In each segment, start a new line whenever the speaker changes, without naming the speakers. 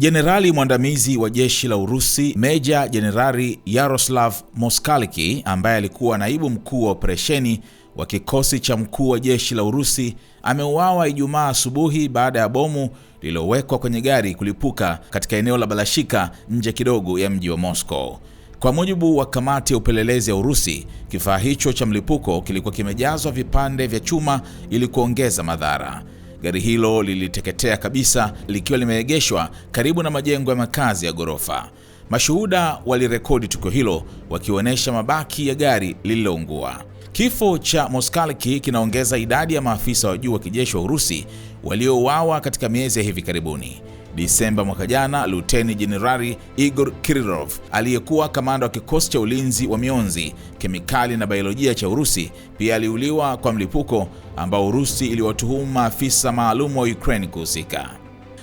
Jenerali mwandamizi wa jeshi la Urusi Meja Jenerali Yaroslav Moskaliki ambaye alikuwa naibu mkuu wa operesheni wa kikosi cha mkuu wa jeshi la Urusi ameuawa Ijumaa asubuhi baada ya bomu lililowekwa kwenye gari kulipuka katika eneo la Balashika nje kidogo ya mji wa Moscow. Kwa mujibu wa kamati ya upelelezi ya Urusi, kifaa hicho cha mlipuko kilikuwa kimejazwa vipande vya chuma ili kuongeza madhara. Gari hilo liliteketea kabisa likiwa limeegeshwa karibu na majengo ya makazi ya ghorofa. Mashuhuda walirekodi tukio hilo wakionyesha mabaki ya gari lililoungua. Kifo cha Moskalki kinaongeza idadi ya maafisa wa juu wa kijeshi wa Urusi waliouawa katika miezi ya hivi karibuni. Disemba mwaka jana, Luteni Jenerali Igor Kirillov aliyekuwa kamanda wa kikosi cha ulinzi wa mionzi, kemikali na biolojia cha Urusi pia aliuliwa kwa mlipuko ambao Urusi iliwatuhumu maafisa maalum wa Ukraine kuhusika.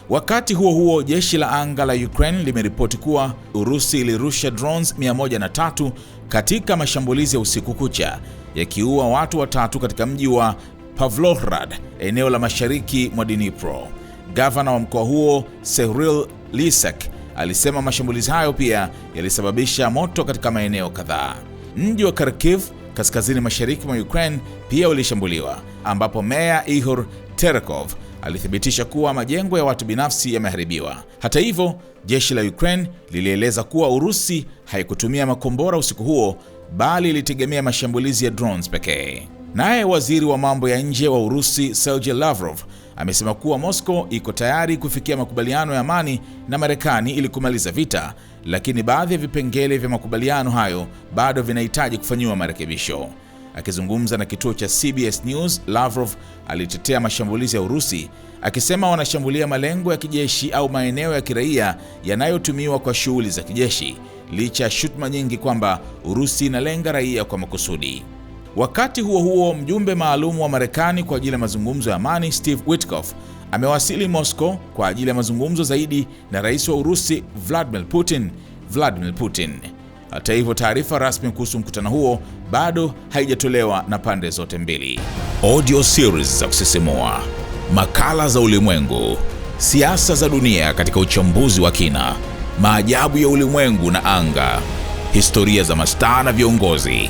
Wakati huo huo, jeshi la anga la Ukraine limeripoti kuwa Urusi ilirusha drones 103 katika mashambulizi ya usiku kucha, yakiua watu watatu katika mji wa Pavlohrad, eneo la mashariki mwa Dnipro. Gavana wa mkoa huo Cyril Lisek alisema mashambulizi hayo pia yalisababisha moto katika maeneo kadhaa. Mji wa Kharkiv kaskazini mashariki mwa Ukraine pia ulishambuliwa, ambapo meya Ihor Terekov alithibitisha kuwa majengo ya watu binafsi yameharibiwa. Hata hivyo, jeshi la Ukraine lilieleza kuwa Urusi haikutumia makombora usiku huo, bali ilitegemea mashambulizi ya drones pekee. Naye waziri wa mambo ya nje wa Urusi Sergey Lavrov amesema kuwa Moscow iko tayari kufikia makubaliano ya amani na Marekani ili kumaliza vita, lakini baadhi ya vipengele vya makubaliano hayo bado vinahitaji kufanyiwa marekebisho. Akizungumza na kituo cha CBS News, Lavrov alitetea mashambulizi ya Urusi akisema wanashambulia malengo ya kijeshi au maeneo ya kiraia yanayotumiwa kwa shughuli za kijeshi, licha ya shutuma nyingi kwamba Urusi inalenga raia kwa makusudi. Wakati huo huo, mjumbe maalum wa Marekani kwa ajili ya mazungumzo ya amani Steve Witkoff amewasili Moscow kwa ajili ya mazungumzo zaidi na rais wa Urusi Vladimir Putin. Vladimir Putin. Hata hivyo, taarifa rasmi kuhusu mkutano huo bado haijatolewa na pande zote mbili.
Audio series za kusisimua, makala za ulimwengu, siasa za dunia katika uchambuzi wa kina, maajabu ya ulimwengu na anga, historia za mastaa na viongozi